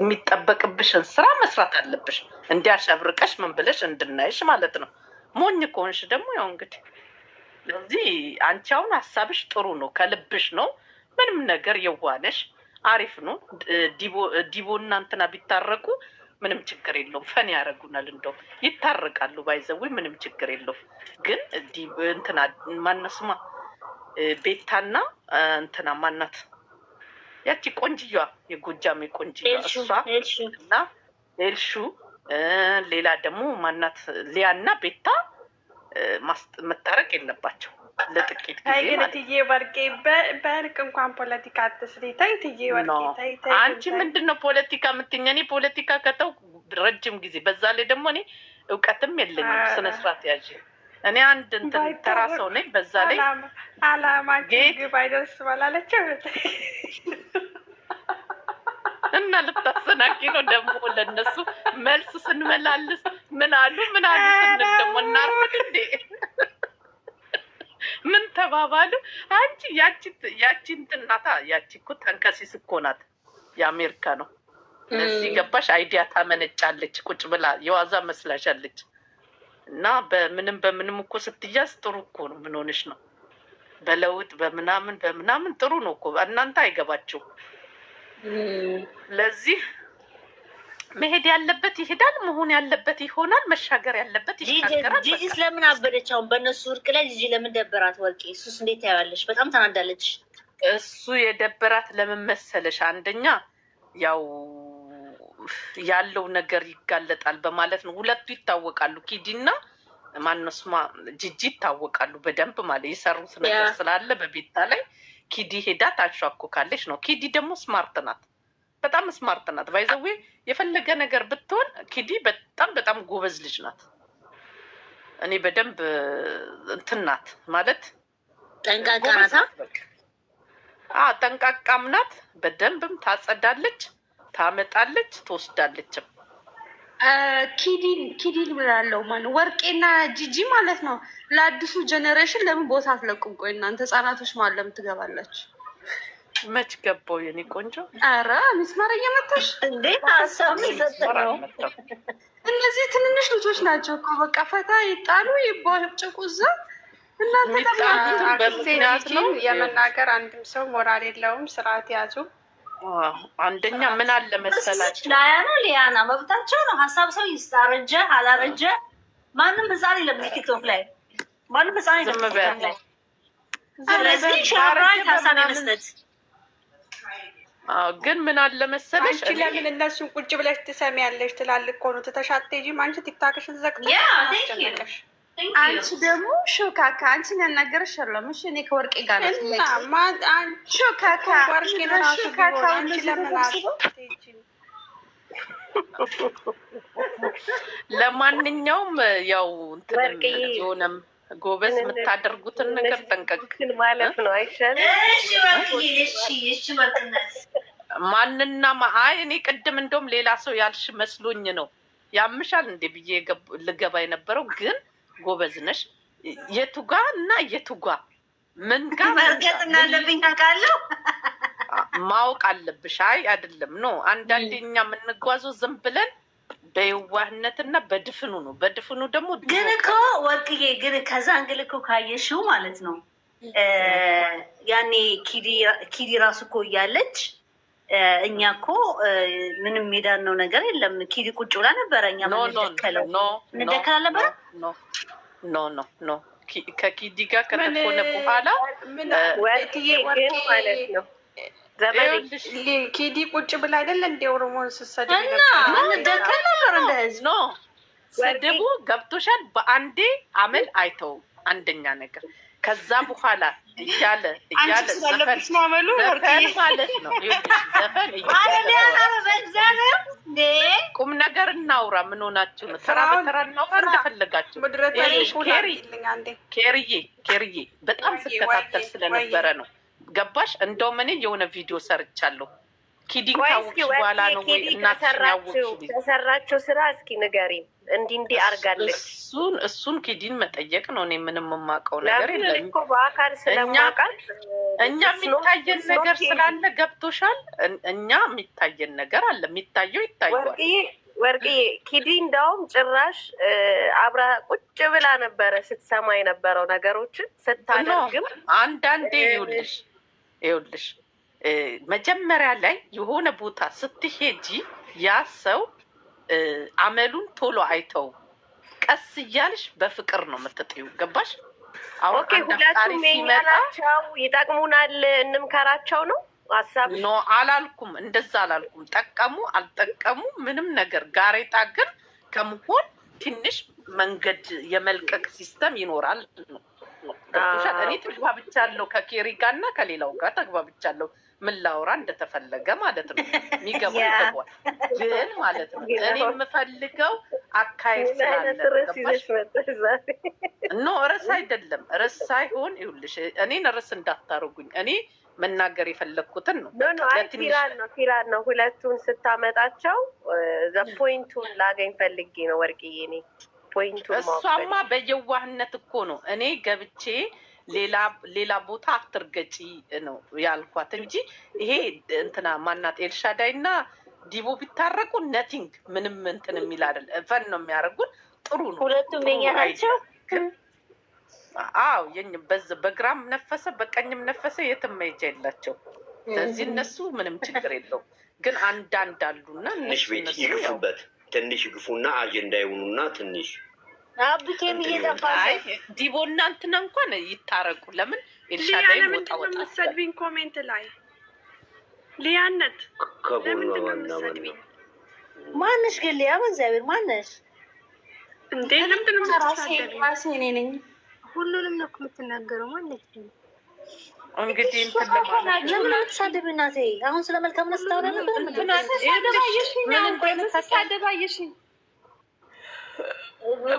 የሚጠበቅብሽን ስራ መስራት አለብሽ። እንዲያሸብርቀሽ ምን ብለሽ እንድናይሽ ማለት ነው። ሞኝ ከሆንሽ ደግሞ ያው እንግዲህ እዚህ አንቺ አሁን ሀሳብሽ ጥሩ ነው፣ ከልብሽ ነው። ምንም ነገር የዋነሽ አሪፍ ነው። ዲቦ እና እንትና ቢታረቁ ምንም ችግር የለውም። ፈን ያደረጉናል እንደውም ይታረቃሉ። ባይዘዊ ምንም ችግር የለውም። ግን እንትና ማነስማ ቤታና እንትና ማናት ያቺ ቆንጅያ የጎጃም ቆንጅያ እሷ እና ኤልሹ ሌላ ደግሞ ማናት ሊያ ሊያና ቤታ መታረቅ የለባቸው ለጥቂት ጊዜ ግን ትዬ ወርቄ በእርቅ እንኳን ፖለቲካ አትስሪ። ትዬ ወርቄ አንቺ ምንድን ነው ፖለቲካ የምትኛ እኔ ፖለቲካ ከተው ረጅም ጊዜ በዛ ላይ ደግሞ እኔ እውቀትም የለኝም። ስነስርዓት ያዥ እኔ አንድ እንትን ተራ ሰው ነኝ። በዛ ላይ አላማችን ግብ አይደርስ ባላለችው እና ልታሰናኪ ነው ደግሞ ለነሱ መልስ ስንመላልስ ምን አሉ ምን አሉ ስንል ደግሞ እናርድ እንዴ ምን ተባባሉ? አንቺ ያቺ እንትን ናታ። ያቺ እኮ ተንከሲስ እኮ ናት። የአሜሪካ ነው እዚህ ገባሽ አይዲያ ታመነጫለች። ቁጭ ብላ የዋዛ መስላሻለች። እና በምንም በምንም እኮ ስትያዝ ጥሩ እኮ ነው። ምን ሆነሽ ነው? በለውጥ በምናምን በምናምን ጥሩ ነው እኮ እናንተ አይገባቸው ለዚህ መሄድ ያለበት ይሄዳል፣ መሆን ያለበት ይሆናል፣ መሻገር ያለበት ይሻገራል። ጂጂ ስለምን አበደች? አሁን በእነሱ እርቅ ላይ ጂጂ ለምን ደበራት? ወርቄ እሱስ እንዴት ታያለች? በጣም ተናዳለች። እሱ የደበራት ለምን መሰለሽ? አንደኛ ያው ያለው ነገር ይጋለጣል በማለት ነው። ሁለቱ ይታወቃሉ። ኪዲና እና ማነው ይታወቃሉ በደንብ ማለት የሰሩት ነገር ስላለ በቤታ ላይ ኪዲ ሄዳ ታሻኮካለች ነው። ኪዲ ደግሞ ስማርት ናት፣ በጣም ስማርት ናት። ባይዘዌ የፈለገ ነገር ብትሆን ኪዲ በጣም በጣም ጎበዝ ልጅ ናት። እኔ በደንብ እንትን ናት ማለት ጠንቃቃ ናት። ጠንቃቃም ናት። በደንብም ታጸዳለች። ታመጣለች ትወስዳለችም። ኪዲን ኪዲን ብላለው ማን ወርቄና ጂጂ ማለት ነው። ለአዲሱ ጀኔሬሽን ለምን ቦታ አትለቁም? ቆይ እናንተ ህጻናቶች ማለት ለምን ትገባላችሁ? መች ገባው የኔ ቆንጆ። አረ ሚስማር እየመታሽ እንዴ! ሀሳብ ነው። እነዚህ ትንንሽ ልጆች ናቸው እኮ በቃ ፈታ ይጣሉ ይቦጭቁ እዛ እናንተ ነው የመናገር አንድም ሰው ሞራል የለውም። ስርዓት ያዙ። አንደኛ ምን አለ መሰላችሁ፣ ላያ ነው ሊያና መብታቸው ነው። ሀሳብ ሰው አረጀ አላረጀ ማንም ህፃን የለም ቲክቶክ ላይ ማንም ህፃን የለም። ስለዚህ ሸራይ ሀሳብ የመስጠት ግን ምን አለ መሰለሽ አንቺ ለምን እነሱን ቁጭ ብለሽ ትሰሚያለሽ? ትላልቅ ከሆኑ ትተሻት ሄጂ አንቺ ቲክታክሽን ዘግተሽ አንቺ ደግሞ ሾካካ አንቺ ያናገረሽ አለም እሺ፣ እኔ ከወርቄ ጋር ለማንኛውም ያው እንትን እንትንም ጎበዝ የምታደርጉትን ነገር ጠንቀቅ ማለት ነው አይሻልም? ማንና አይ እኔ ቅድም እንደውም ሌላ ሰው ያልሽ መስሎኝ ነው ያምሻል እንዴ ብዬ ልገባ የነበረው ግን ጎበዝ ነሽ። የቱጋ እና የቱጋ ምን ጋር መርገጥ እንዳለብኝ ታውቃለሁ፣ ማወቅ አለብሽ። አይ አይደለም ኖ አንዳንዴ እኛ የምንጓዘው ዝም ብለን በየዋህነትና በድፍኑ ነው። በድፍኑ ደግሞ ግን እኮ ወርቅዬ ግን ከዛ እንግል እኮ ካየሽው ማለት ነው ያኔ ኪዲ ራሱ እኮ እያለች እኛ እኮ ምንም ሜዳን ነው ነገር የለም። ኪዲ ቁጭ ብላ ነበረ። እኛ ምንደከለው እንደከል አልነበረ ኖ ኖ ኖ ከኪዲ ጋር ከተሆነ በኋላ ወርቅዬ ግን ማለት ነው ኪዲ ቁጭ ብላ አይደለ እንደ ኦሮሞ ስሰድ ነው ስድቡ ገብቶሻል። በአንዴ አመል አይተውም። አንደኛ ነገር ከዛ በኋላ እያለ እያለ ዘፈን ማለት ነው ዘፈን ቁም ነገር እናውራ። ምን ሆናችሁ ነው? ተራ በተራ እናውራ እንደፈለጋችሁ። ኬርዬ ኬርዬ በጣም ስከታተል ስለነበረ ነው። ገባሽ? እንደውም እኔ የሆነ ቪዲዮ ሰርቻለሁ። ኪዲንግ ካወቅሽ በኋላ ነው ወይ እናትሽን ያወቅሽ? ተሰራችው ስራ እስኪ ንገሪኝ እንዲህ እንዲህ አድርጋለች። እሱን እሱን ኪዲን መጠየቅ ነው። እኔ ምንም የማውቀው ነገር የለም እኮ በአካል ስለማውቃል እኛ የሚታየን ነገር ስላለ ገብቶሻል። እኛ የሚታየን ነገር አለ። የሚታየው ይታየዋል። ወርቂ ኪዲ እንዳውም ጭራሽ አብራ ቁጭ ብላ ነበረ ስትሰማ የነበረው ነገሮችን ስታደርግም፣ አንዳንዴ ይውልሽ ይውልሽ መጀመሪያ ላይ የሆነ ቦታ ስትሄጂ ያ ሰው አመሉን ቶሎ አይተው ቀስ እያልሽ በፍቅር ነው የምትጥዩ። ገባሽ? ኦኬ ሁለቱም የእኛ ይጠቅሙናል፣ እንምከራቸው ነው ሀሳብ። ኖ አላልኩም፣ እንደዛ አላልኩም። ጠቀሙ አልጠቀሙ ምንም ነገር ጋሬጣ ግን ከመሆን ትንሽ መንገድ የመልቀቅ ሲስተም ይኖራል ነው። እኔ ተግባብቻለሁ ከኬሪ ጋር እና ከሌላው ጋር ተግባብቻለሁ። ምን ላውራ እንደተፈለገ ማለት ነው። የሚገባ ገቧል። ግን ማለት ነው እኔ የምፈልገው አካሄድ ስላለኖ ርዕስ አይደለም። ርዕስ ሳይሆን ይኸውልሽ፣ እኔን ርዕስ እንዳታርጉኝ። እኔ መናገር የፈለግኩትን ነው። ፊራን ነው ፊራን ነው። ሁለቱን ስታመጣቸው ዘ ፖይንቱን ላገኝ ፈልጌ ነው ወርቅዬ። እኔ ፖይንቱን እሷማ በየዋህነት እኮ ነው እኔ ገብቼ ሌላ ቦታ አትርገጪ ነው ያልኳት እንጂ ይሄ እንትና ማናት ኤልሻዳይ እና ዲቦ ቢታረቁ ነቲንግ ምንም እንትን የሚል አይደለም። ፈን ነው የሚያደርጉን። ጥሩ ነው ሁለቱም የኛ ናቸው። አዎ በግራም ነፈሰ በቀኝም ነፈሰ የትም መሄጃ የላቸው። ስለዚህ እነሱ ምንም ችግር የለው። ግን አንዳንድ አሉና ትንሽ ቤት ይግፉበት፣ ትንሽ ይግፉና አጀንዳ ይሆኑና ትንሽ ዲቦ እና እንኳን ይታረቁ። ለምን ኤልሻዳይ ወጣ ወጣ ሰድቢን ኮሜንት ላይ ሊያነት ነው ማነሽ ግን ሊያ በእግዚአብሔር ማነሽ እንዴ? ለምንድን ነው የምትሰድቢኝ? ራሴ እኔ ነኝ። ሁሉንም ነው የምትናገረው ማለት ነው። አሁን ስለ መልካምነት ስታወራ ነበር። ምን እንደሆነ ሳደባየሽኝ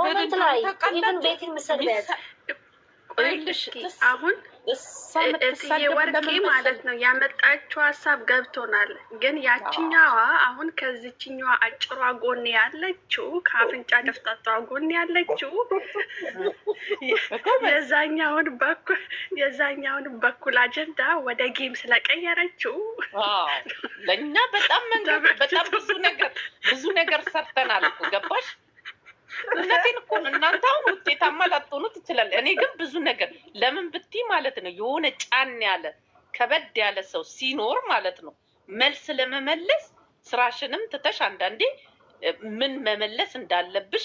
ኮመንት ላይ ኢቨን ቤት የምሰድቢያት ቆይልሽ ወርቄ ማለት ነው ያመጣችው ሀሳብ ገብቶናል። ግን ያችኛዋ አሁን ከዚችኛዋ አጭሯ ጎን ያለችው ከአፍንጫ ደፍጣጣ ጎን ያለችው የዛኛውን በኩል የዛኛውን በኩል አጀንዳ ወደ ጌም ስለቀየረችው ለእኛ በጣም መንገድ በጣም ብዙ ነገር ብዙ ነገር ሰርተናል። ገባሽ? እውነቴን እኮ ነው። እናንተ አሁን ውጤታማ ላትሆኑ ትችላለ። እኔ ግን ብዙ ነገር ለምን ብቲ ማለት ነው የሆነ ጫን ያለ ከበድ ያለ ሰው ሲኖር ማለት ነው መልስ ለመመለስ ስራሽንም ትተሽ አንዳንዴ ምን መመለስ እንዳለብሽ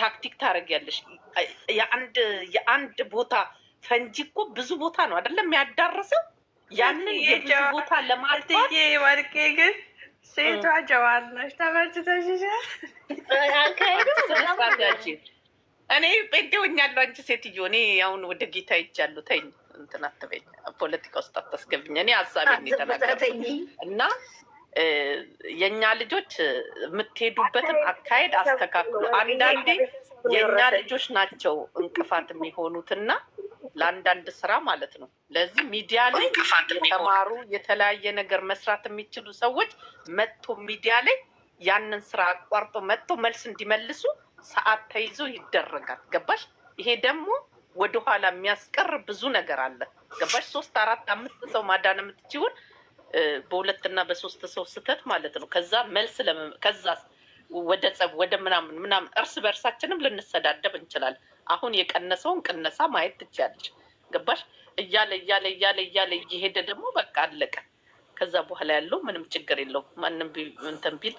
ታክቲክ ታደርጊያለሽ። የአንድ የአንድ ቦታ ፈንጂ እኮ ብዙ ቦታ ነው አይደለም ያዳረሰው ያንን የብዙ ቦታ ለማጥፋት ወርቄ ግን ሴቷ ጀዋር ነች። ተመችተሽሻል? እኔ ጴንጤውኛለሁ። አንቺ ሴትዮ፣ እኔ አሁን ወደ ጌታ ይቻለሁ። ተኝ እንትን አትበኝ፣ ፖለቲካ ውስጥ አታስገብኝ። እኔ ሀሳቤን የተናገርኩት እና የእኛ ልጆች የምትሄዱበትን አካሄድ አስተካክሉ። አንዳንዴ የእኛ ልጆች ናቸው እንቅፋት የሚሆኑትና ለአንዳንድ ስራ ማለት ነው። ለዚህ ሚዲያ ላይ የተማሩ የተለያየ ነገር መስራት የሚችሉ ሰዎች መጥቶ ሚዲያ ላይ ያንን ስራ አቋርጦ መጥቶ መልስ እንዲመልሱ ሰዓት ተይዞ ይደረጋል። ገባሽ? ይሄ ደግሞ ወደኋላ የሚያስቀር ብዙ ነገር አለ። ገባሽ? ሶስት አራት አምስት ሰው ማዳን የምትችውን በሁለትና በሶስት ሰው ስህተት ማለት ነው። ከዛ መልስ ከዛ ወደ ጸብ ወደ ምናምን ምናምን እርስ በእርሳችንም ልንሰዳደብ እንችላለን። አሁን የቀነሰውን ቅነሳ ማየት ትችያለች። ገባሽ? እያለ እያለ እያለ እያለ እየሄደ ደግሞ በቃ አለቀ። ከዛ በኋላ ያለው ምንም ችግር የለው። ማንም እንትን ቢል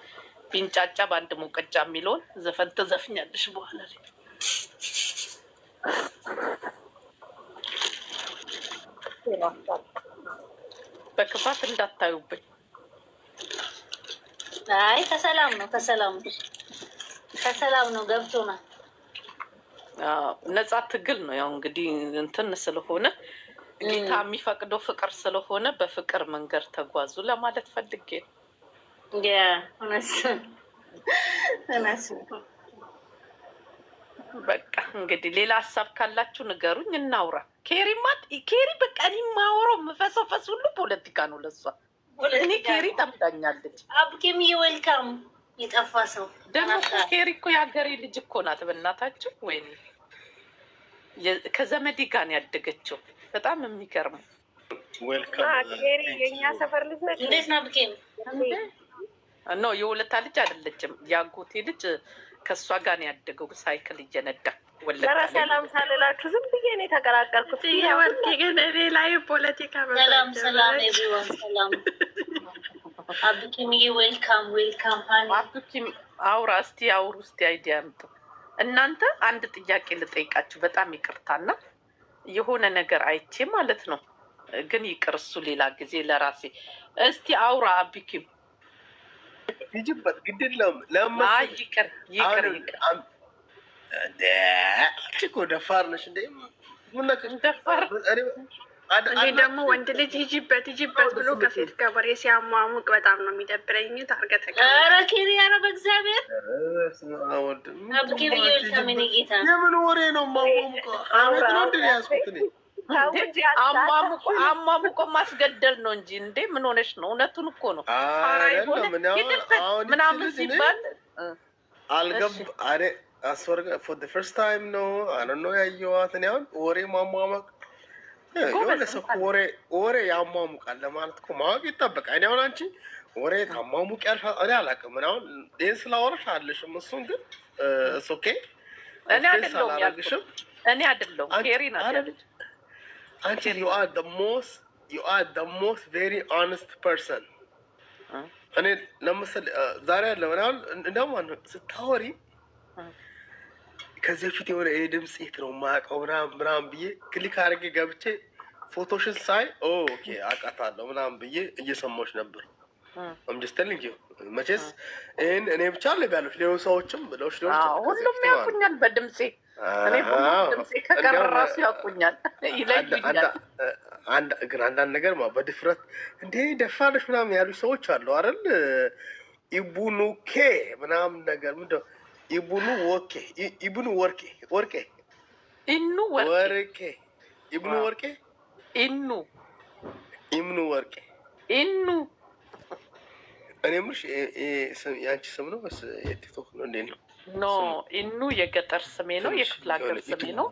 ቢንጫጫ በአንድ ሙቀጫ የሚለውን ዘፈን ተዘፍኛለሽ በኋላ ላይ በክፋት እንዳታዩብኝ። አይ ከሰላም ነው፣ ከሰላም ነው፣ ከሰላም ነው ገብቶናል። ነጻ ትግል ነው። ያው እንግዲህ እንትን ስለሆነ ጌታ የሚፈቅደው ፍቅር ስለሆነ በፍቅር መንገድ ተጓዙ ለማለት ፈልጌ ነው። በቃ እንግዲህ ሌላ ሀሳብ ካላችሁ ንገሩኝ፣ እናውራ። ኬሪ ማት ኬሪ በቃ እኔ የማወራው መፈሰፈስ ሁሉ ፖለቲካ ነው ለሷ። እኔ ኬሪ ጠምዳኛለች። አብኬም የወልካም የጠፋ ሰው ደግሞ ኬሪ እኮ የሀገሬ ልጅ እኮ ናት። በእናታችሁ ወይኔ ከዘመዴ ጋር ነው ያደገችው። በጣም የሚገርም የእኛ ሰፈር ልጅ አይደለችም፣ የአጎቴ ልጅ ከእሷ ጋር ነው ያደገው ሳይክል እየነዳ ኧረ ሰላም ሳልላችሁ ዝም ብዬ ነው የተቀላቀልኩት። ወርኬ ግን እኔ ላይ ፖለቲካ ሰላም ሰላም ሰላም አብኪም ዌልካም ዌልካም አብኪም አውራ እስቲ አውሩ እስቲ አይዲያ አምጡ እናንተ አንድ ጥያቄ ልጠይቃችሁ። በጣም ይቅርታና የሆነ ነገር አይቼ ማለት ነው፣ ግን ይቅር እሱ ሌላ ጊዜ ለራሴ እስቲ አውራ ቢኪም ይጅበት ይቅር ይቅር ደፋር ነሽ እንደ እኔ ደግሞ ወንድ ልጅ ሂጂበት ሂጂበት ብሎ ከሴት ጋር ወሬ ሲያሟሙቅ በጣም ነው የሚደብረኝ። ታርገ አርገ ተቀ ያረ በእግዚአብሔር የምን ወሬ ነው ማሟሙቀ? አመት ነው እንድ ያስኩት እኔ አሟሙቆ ማስገደል ነው እንጂ እንዴ ምን ሆነሽ ነው? እውነቱን እኮ ነው ምናምን ሲባል አልገብ አስወርገ ፎር ፈርስት ታይም ነው አነ ነው ያየዋትን ያሁን ወሬ ማሟመቅ ወሬ ያሟሙቃል ለማለት እኮ ማወቅ ይጠበቃል። እኔ አሁን አንቺ ወሬ ታሟሙቅ ያልሽ እኔ አላውቅም። ምን አሁን ይህን ስላወራሽ አለሽም እሱን ግን ሶኬ እኔ አይደለሁም ኬሪ ናት። አንቺ ዩ አር ሞስት ቬሪ ኦነስት ፐርሰን። እኔ ለምሳሌ ዛሬ ያለ ምናምን እንደማን ስታወሪ ከዚህ በፊት የሆነ እኔ ድምፅ የት ነው ማቀው ምናምን ምናምን ብዬ ክሊክ አድርጌ ገብቼ ፎቶሽን ሳይ ኦኬ አውቃታለሁ ምናምን ብዬ እየሰማች ነበር። ምጅስተል መቼስ ይህን እኔ ብቻ ለ ያሉች ሌሎች ሰዎችም ብለች ሁሉም ያውቁኛል በድምፄ እኔ ድምፄ ከቀረራሱ ያውቁኛል ይለዩኛል። ግን አንዳንድ ነገር በድፍረት እንዴ ደፋለች ምናምን ያሉ ሰዎች አሉ አይደል? ኢቡኑኬ ምናምን ነገር ምንድን ነው ኢብኑ ወርኬ ኢብኑ ወርኬ ወርቄ ኢኑ ወርቄ ኢብኑ ወርቄ ኢኑ ኢብኑ ወርቄ ኢኑ እኔ የምልሽ የአንቺ ስም ነው ወይስ የቲክቶክ ነው? እንዴት ነው? ኖ ኢኑ የገጠር ስሜ ነው፣ የክፍለ ሀገር ስሜ ነው።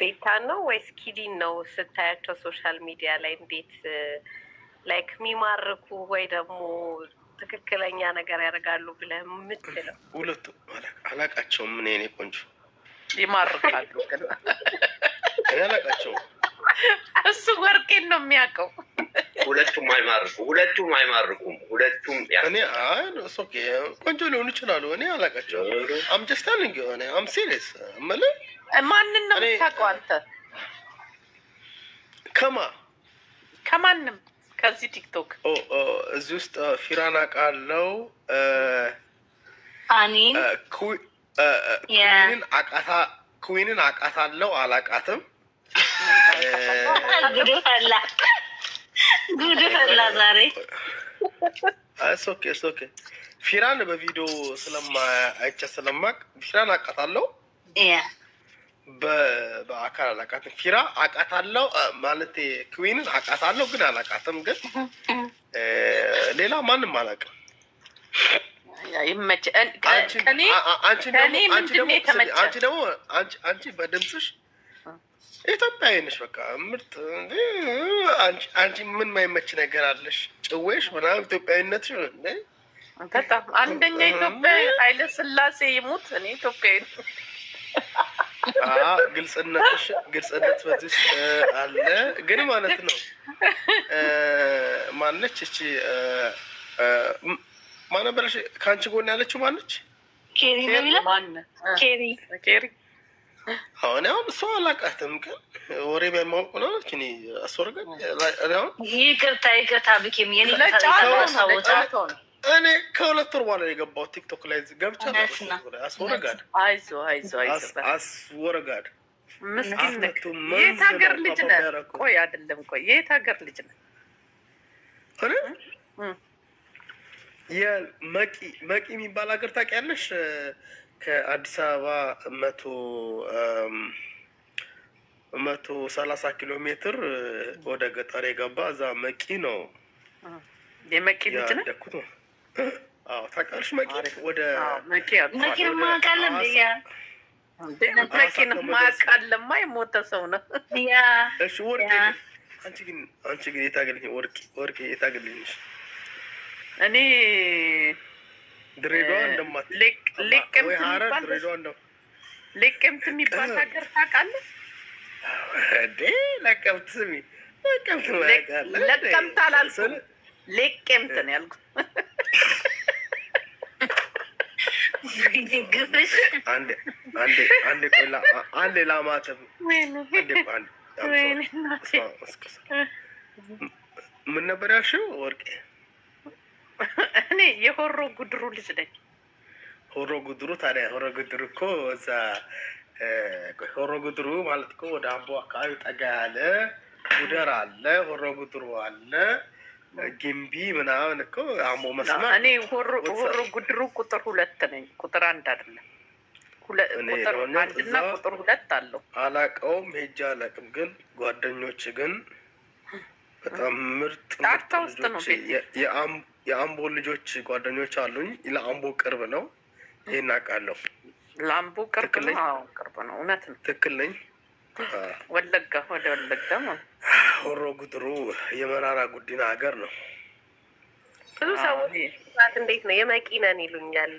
ቤታ ነው ወይስ ኪዲን ነው? ስታያቸው ሶሻል ሚዲያ ላይ እንዴት ላይክ የሚማርኩ ወይ ደግሞ ትክክለኛ ነገር ያደርጋሉ ብለህ የምትለው ሁለቱ አላቃቸውም። ምን ኔ ቆንጆ ይማርካሉ፣ ግን አላቃቸው እሱ ወርቄን ነው የሚያውቀው። ሁለቱም አይማርኩ፣ ሁለቱም አይማርኩም፣ ሁለቱም እኔ ቆንጆ ሊሆኑ ይችላሉ። እኔ አላቃቸው አምጀስታን እንግ ሆነ አም ሲሪየስ ምል ማንን ነው የምታውቀው አንተ? ከማ ከማንም ከዚህ ቲክቶክ እዚህ ውስጥ ፊራን አውቃለው፣ ኩዊንን አውቃታለው፣ አላውቃትም። ጉድ ፈላ፣ ጉድ ፈላ ዛሬ። ኦኬ ኦኬ። ፊራን በቪዲዮ ስለማ ስለማይቻ ስለማቅ ፊራን አውቃታለው በአካል አላቃትም። ኪራ አቃታለው ማለት ክዊንን አቃታለው ግን አላቃትም። ግን ሌላ ማንም አላውቅም። አንቺ በድምፅሽ ኢትዮጵያዊ ነሽ። በቃ ምርጥ። አንቺ ምን ማይመች ነገር አለሽ? ጭዌሽ ምናምን ኢትዮጵያዊነት በጣም አንደኛ ኢትዮጵያ ኃይለ ስላሴ ይሙት እኔ ኢትዮጵያዊ ግልጽነትሽ ግልጽነት በዚህ አለ። ግን ማለት ነው ማነች እቺ ማነበረሽ ከአንቺ ጎን ያለችው ማነች? ኬሪ አሁን አሁን እሷ አላቃትም፣ ግን ወሬ በማወቅ ነው ነች። እኔ አስወርገን ይቅርታ ይቅርታ ብኬም የኔ ነው እኔ ከሁለት ወር በኋላ የገባው ቲክቶክ ላይ ገብቻ አስወረጋድ የት ሀገር ልጅ ቆይ አይደለም፣ ቆይ የት ሀገር ልጅ መቂ መቂ የሚባል ሀገር ታውቂያለሽ? ከአዲስ አበባ መቶ መቶ ሰላሳ ኪሎ ሜትር ወደ ገጠር የገባ እዛ መቂ ነው። የመቂ ልጅ ታውቃለሽ መኪን ወደ መኪና ማቃለ መኪን ማቃለማ የሞተ ሰው ነው። እሺ ወርቄ፣ አንቺ ግን አንቺ ግን የታገልኝ ወርቄ ወርቄ የታገልኝሽ እኔ ድሬዳዋ የሚባል ሀገር ታውቃለህ? ስሚ አላልኩም ልቅ የምትን ያልኩት አንዴ ላማተብ ምን ነበር ያልሽው ወርቄ? እኔ የሆሮ ጉድሩ ልጅ ነኝ። ሆሮ ጉድሩ ታዲያ ሆሮ ጉድሩ እኮ እዛ ሆሮ ጉድሩ ማለት እኮ ወደ አምቦ አካባቢ ጠጋ ያለ ጉደር አለ፣ ሆሮ ጉድሩ አለ ግንቢ ምናምን እኮ አሞ መስና እኔ ሆሮ ጉድሩ ቁጥር ሁለት ነኝ። ቁጥር አንድ አይደለም። ቁጥር አንድና ቁጥር ሁለት አለው። አላቀውም ሄጅ አላቅም። ግን ጓደኞች ግን በጣም ምርጥ ውስጥ ነው የአምቦ ልጆች ጓደኞች አሉኝ። ለአምቦ ቅርብ ነው። ይሄን አውቃለሁ። ለአምቦ ቅርብ ነው። ቅርብ ነው። እውነት ነው። ትክክል ነኝ። ወለጋ ወደ ወለጋ ማለት ሆሮ ጉጥሩ የመራራ ጉዲና ሀገር ነው። ብዙ ሰዎች እንዴት ነው የመቂነን ይሉኛል